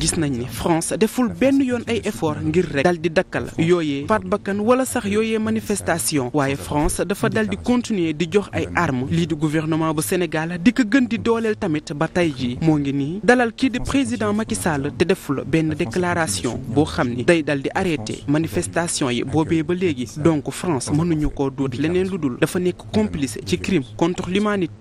gis nañu ni France deful benn yoon ay effort ngir rek dal di dakkal yooyee faat bakkan wala sax yooyee manifestation waaye France dafa dal di continuer di jox ay armes lii di gouvernement bu Sénégal di ko gën di dooleel tamit ba tey jii moo ngi nii dalal kii di président Macky Sall te deful benn déclaration boo xam ni day dal di arrêté manifestation yi boobee ba léegi donc France mënuñu ko duut leneen lu dul dafa nekk complice ci crime contre l'humanité